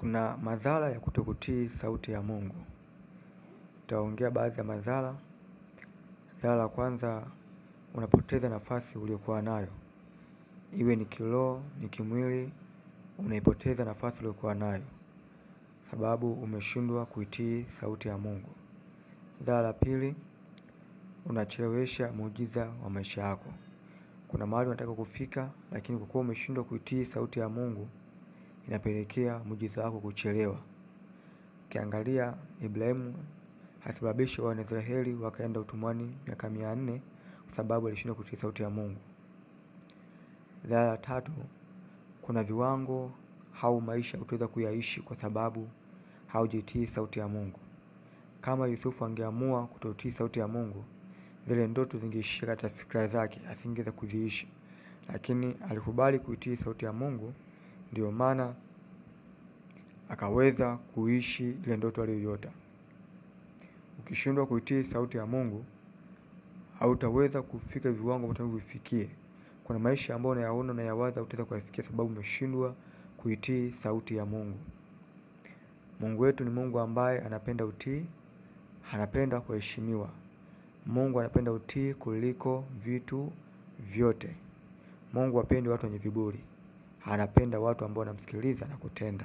Kuna madhara ya kutokutii sauti ya Mungu. Tutaongea baadhi ya madhara. Dhara la kwanza, unapoteza nafasi uliyokuwa nayo, iwe ni kiroho, ni kimwili, unaipoteza nafasi uliyokuwa nayo sababu umeshindwa kuitii sauti ya Mungu. Dhara la pili, unachelewesha muujiza wa maisha yako. Kuna mahali unataka kufika, lakini kwa kuwa umeshindwa kuitii sauti ya Mungu inapelekea mujiza wako kuchelewa. Ukiangalia Ibrahimu alisababishi Waisraeli wakaenda utumwani miaka mia nne kwa sababu alishindwa kutii sauti ya Mungu. Dhara ya tatu, kuna viwango au maisha utaweza kuyaishi kwa sababu haujitii sauti ya Mungu. Kama Yusufu angeamua kutotii sauti ya Mungu, zile ndoto zingeishia katika fikra zake, asingeweza kuziishi. Lakini alikubali kuitii sauti ya Mungu. Ndio maana akaweza kuishi ile ndoto aliyoiota. Ukishindwa kuitii sauti ya Mungu, hautaweza kufika viwango ambavyo vifikie. Kuna maisha ambayo unayaona na yawaza, utaweza kuyafikia sababu umeshindwa kuitii sauti ya Mungu. Mungu wetu ni Mungu ambaye anapenda utii, anapenda kuheshimiwa. Mungu anapenda utii kuliko vitu vyote. Mungu apendi watu wenye viburi anapenda watu ambao wanamsikiliza na kutenda.